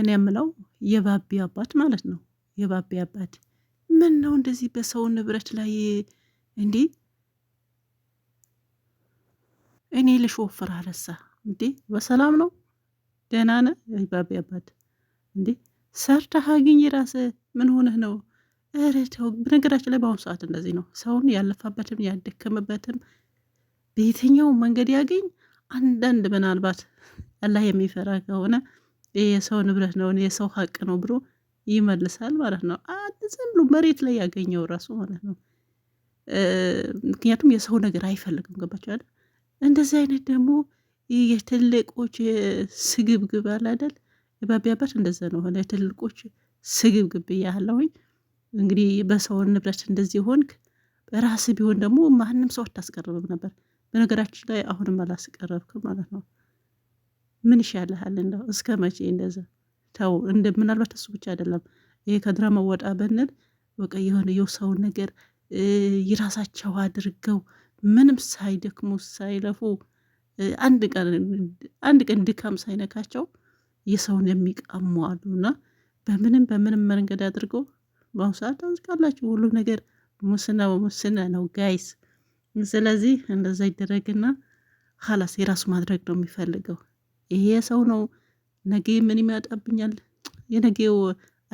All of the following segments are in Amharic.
እኔ የምለው የባቢ አባት ማለት ነው። የባቢ አባት ምን ነው እንደዚህ በሰው ንብረት ላይ እንዴ? እኔ ልሾፍር አለሳ እንዴ? በሰላም ነው ደህና ነህ? የባቢ አባት እንዴ ሰርታ ሀግኝ ራስ ምን ሆነህ ነው? ኧረ ተው። በነገራችን ላይ በአሁኑ ሰዓት እንደዚህ ነው። ሰውን ያለፋበትም ያደከምበትም በየትኛው መንገድ ያገኝ። አንዳንድ ምናልባት አላህ የሚፈራ ከሆነ ይሄ የሰው ንብረት ነው፣ የሰው ሀቅ ነው ብሎ ይመልሳል ማለት ነው። ዝም ብሎ መሬት ላይ ያገኘው ራሱ ማለት ነው። ምክንያቱም የሰው ነገር አይፈልግም። ገባቸዋል። እንደዚህ አይነት ደግሞ የትልቆች ስግብግብ አለ አይደል? የባቢ አባት ነው ሆነ። የትልቆች ስግብግብ እያለሁኝ እንግዲህ በሰውን ንብረት እንደዚህ ሆንክ። በራስ ቢሆን ደግሞ ማንም ሰው አታስቀርብም ነበር። በነገራችን ላይ አሁንም አላስቀረብክም ማለት ነው። ምን ይሻልሃል? እንደው እስከ መቼ እንደዛ ተው። እንደ ምናልባት እሱ ብቻ አይደለም ይሄ ከድራማ ወጣ ብንል በቃ የሆነ የሰውን ነገር የራሳቸው አድርገው ምንም ሳይደክሙ ሳይለፉ አንድ ቀን አንድ ቀን ድካም ሳይነካቸው የሰውን የሚቀሙ አሉና በምንም በምንም መንገድ አድርገው በአሁኑ ሰዓት ታውቃላችሁ፣ ሁሉም ነገር ሙስና በሙስና ነው ጋይስ። ስለዚህ እንደዛ ይደረግና ሀላስ የራሱ ማድረግ ነው የሚፈልገው። ይሄ ሰው ነው ነገ ምን ይመጣብኛል? የነገው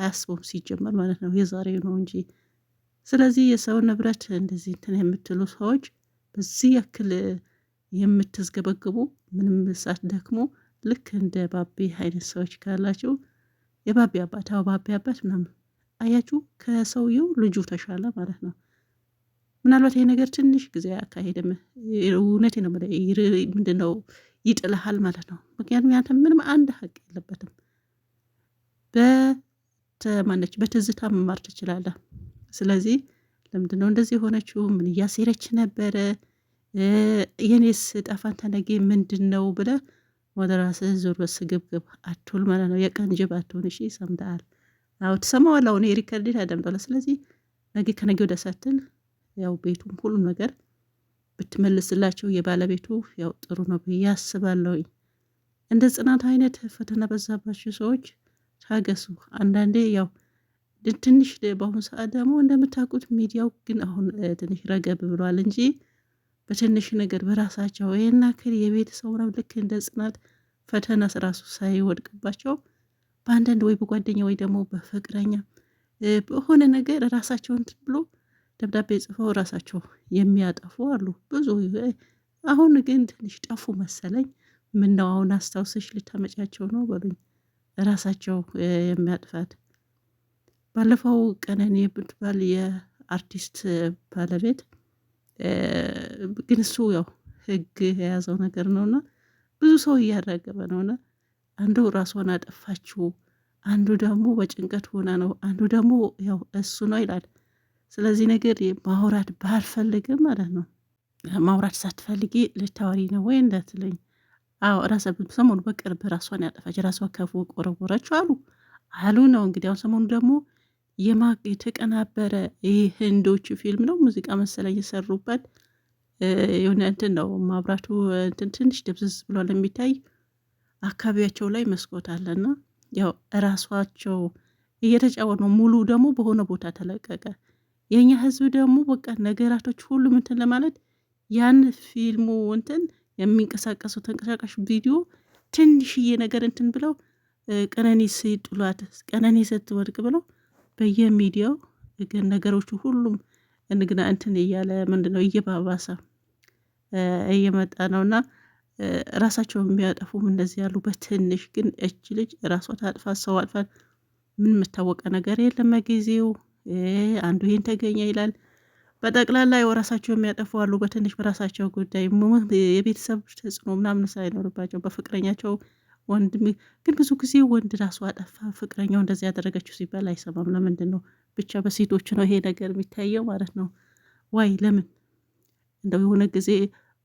አያስበውም ሲጀመር ማለት ነው፣ የዛሬው ነው እንጂ። ስለዚህ የሰው ንብረት እንደዚህ እንትን የምትሉ ሰዎች በዚህ ያክል የምትዝገበግቡ ምንም ሳትደክሙ ልክ እንደ ባቤ አይነት ሰዎች ካላችሁ የባቤ አባት አዎ ባቤ አባት ምናምን አያችሁ፣ ከሰውየው ልጁ ተሻለ ማለት ነው። ምናልባት ይሄ ነገር ትንሽ ጊዜ አካሄድም እውነቴ ነው ምንድነው ይጥልሃል ማለት ነው። ምክንያቱም ያንተ ምንም አንድ ሀቅ የለበትም። በተማነች በትዝታ መማር ትችላለህ። ስለዚህ ለምንድነው እንደዚህ የሆነችው? ምን እያሴረች ነበረ? የኔስ ጠፋንተ ተነገ ምንድን ነው ብለ ወደ ራስህ ዞር ግብግብ አትሁል ማለት ነው። የቀን ጅብ አትሁን። እሺ ሰምተሃል? አዎ ትሰማዋለህ። አሁን የሪከርድ አዳምጠዋለህ። ስለዚህ ነገ ከነገ ወዲያ ሳትል ያው ቤቱም ሁሉ ነገር ብትመልስላቸው የባለቤቱ ያው ጥሩ ነው ብዬ አስባለሁኝ። እንደ ጽናት አይነት ፈተና በዛባቸው ሰዎች ታገሱ። አንዳንዴ ያው ትንሽ በአሁኑ ሰዓት ደግሞ እንደምታውቁት ሚዲያው ግን አሁን ትንሽ ረገብ ብሏል እንጂ በትንሽ ነገር በራሳቸው ይህና ክል የቤተሰቡ ነው ልክ እንደ ጽናት ፈተና ስራሱ ሳይወድቅባቸው በአንዳንድ ወይ በጓደኛ ወይ ደግሞ በፍቅረኛ በሆነ ነገር ራሳቸውን ብሎ ደብዳቤ ጽፈው ራሳቸው የሚያጠፉ አሉ ብዙ። አሁን ግን ትንሽ ጠፉ መሰለኝ። ምነው አሁን አስታውሰሽ ልታመጫቸው ነው በሉኝ። ራሳቸው የሚያጥፋት ባለፈው ቀነኔ የምትባል የአርቲስት ባለቤት ግን እሱ ያው ህግ የያዘው ነገር ነውና ብዙ ሰው እያራገበ ነውና አንዱ ራሷን አጠፋችው፣ አንዱ ደግሞ በጭንቀት ሆና ነው፣ አንዱ ደግሞ ያው እሱ ነው ይላል። ስለዚህ ነገር ማውራት ባልፈልግ ማለት ነው። ማውራት ሳትፈልጊ ልታወሪ ነው ወይ እንዳትለኝ። አዎ ራሰ ሰሞኑ በቅርብ ራሷን ያጠፋች ራሷ ከፎ ቆረቆረች አሉ አሉ ነው እንግዲህ። አሁን ሰሞኑ ደግሞ የተቀናበረ ይህ ህንዶች ፊልም ነው ሙዚቃ መሰለኝ የሰሩበት የሆነ እንትን ነው ማብራቱ እንትን ትንሽ ድብዝዝ ብሏል የሚታይ አካባቢያቸው ላይ መስኮት አለና ያው እራሷቸው እየተጫወት ነው ሙሉ ደግሞ በሆነ ቦታ ተለቀቀ። የእኛ ህዝብ ደግሞ በቃ ነገራቶች ሁሉም እንትን ለማለት ያን ፊልሙ እንትን የሚንቀሳቀሱ ተንቀሳቃሽ ቪዲዮ ትንሽዬ ነገር እንትን ብለው ቀነኒ ሲጥሏት ቀነኒ ስትወድቅ ብለው በየሚዲያው ግን ነገሮቹ ሁሉም እንግና እንትን እያለ ምንድን ነው እየባባሰ እየመጣ ነው እና ራሳቸው የሚያጠፉም እንደዚህ ያሉ በትንሽ ግን እች ልጅ ራሷ ታጥፋት ሰው አጥፋት ምን የምታወቀ ነገር የለም ጊዜው አንዱ ይህን ተገኘ ይላል። በጠቅላላ የወራሳቸው የሚያጠፉ አሉ። በትንሽ በራሳቸው ጉዳይ የቤተሰብ ተጽዕኖ ምናምን ሳይኖርባቸው በፍቅረኛቸው ወንድ ግን ብዙ ጊዜ ወንድ ራሱ አጠፋ ፍቅረኛው እንደዚህ ያደረገችው ሲባል አይሰማም። ለምንድን ነው ብቻ በሴቶች ነው ይሄ ነገር የሚታየው ማለት ነው? ዋይ ለምን እንደው የሆነ ጊዜ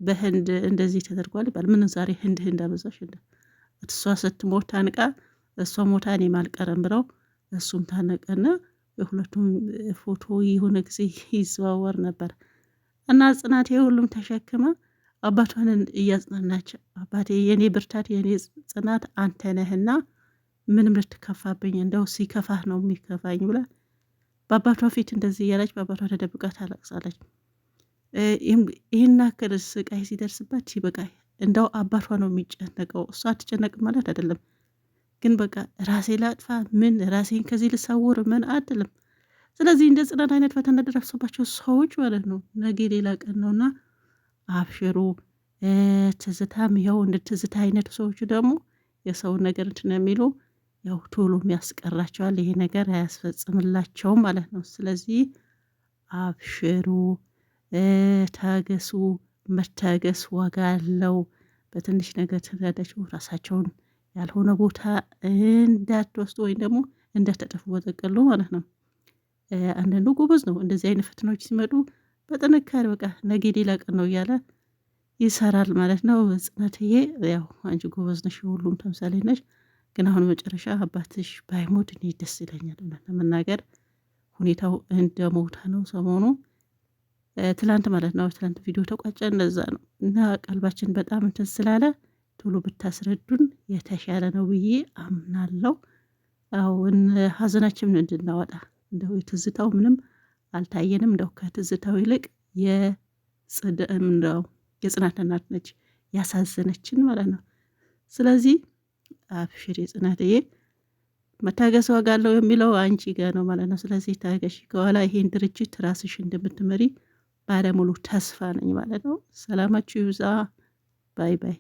በህንድ እንደዚህ ተደርጓል ይባል። ምን ዛሬ ህንድ ህንድ አበዛሽ እንደ እሷ ስትሞት ታንቃ እሷ ሞታ እኔም አልቀረም ብለው እሱም ታነቀና የሁለቱም ፎቶ የሆነ ጊዜ ይዘዋወር ነበር እና ጽናት ሁሉም ተሸክማ አባቷንን እያጽናናች አባቴ የእኔ ብርታት የእኔ ጽናት አንተ ነህና ምንም ልትከፋብኝ እንደው ሲከፋህ ነው የሚከፋኝ ብላ በአባቷ ፊት እንደዚህ እያለች በአባቷ ተደብቃ ታለቅሳለች። ይህን ያክል ስቃይ ሲደርስበት ይበቃ እንደው አባቷ ነው የሚጨነቀው እሷ አትጨነቅም ማለት አይደለም። ግን በቃ ራሴ ላጥፋ ምን ራሴን ከዚህ ልሰውር ምን አትልም። ስለዚህ እንደ ጽናት አይነት ፈተና ደረሰባቸው ሰዎች ማለት ነው። ነገ ሌላ ቀን ነውና አብሽሩ። ትዝታም ያው እንደ ትዝታ አይነት ሰዎች ደግሞ የሰውን ነገር እንትን የሚሉ ያው ቶሎም ያስቀራቸዋል። ይሄ ነገር አያስፈጽምላቸውም ማለት ነው። ስለዚህ አብሽሩ፣ ታገሱ። መታገስ ዋጋ አለው። በትንሽ ነገር ትዳዳችሁ ራሳቸውን ያልሆነ ቦታ እንዳትወስዱ ወይም ደግሞ እንዳትጠፉ በጠቀሉ ማለት ነው። አንዳንዱ ጎበዝ ነው። እንደዚህ አይነት ፈተናዎች ሲመጡ በጥንካሬ በቃ ነገ ሌላ ቀን ነው እያለ ይሰራል ማለት ነው። ጽናትዬ ያው አንቺ ጎበዝ ነሽ፣ ሁሉም ተምሳሌ ነሽ። ግን አሁን መጨረሻ አባትሽ ባይሞት እኔ ደስ ይለኛል። እውነት ለመናገር ሁኔታው እንደ ሞታ ነው። ሰሞኑ ትላንት ማለት ነው ትላንት ቪዲዮ ተቋጨ። እነዛ ነው እና ቀልባችን በጣም እንትን ስላለ ቶሎ ብታስረዱን የተሻለ ነው ብዬ አምናለሁ። አዎ ሀዘናችንን እንድናወጣ እንደው የትዝታው ምንም አልታየንም። እንደው ከትዝታው ይልቅ የጽድ እንደው የጽናት እናት ነች ያሳዘነችን ማለት ነው። ስለዚህ አብሽር ጽናትዬ፣ መታገስ ዋጋ አለው የሚለው አንቺ ጋ ነው ማለት ነው። ስለዚህ ታገሽ፣ ከኋላ ይሄን ድርጅት ራስሽ እንደምትመሪ ባለሙሉ ተስፋ ነኝ ማለት ነው። ሰላማችሁ ይብዛ። ባይ ባይ።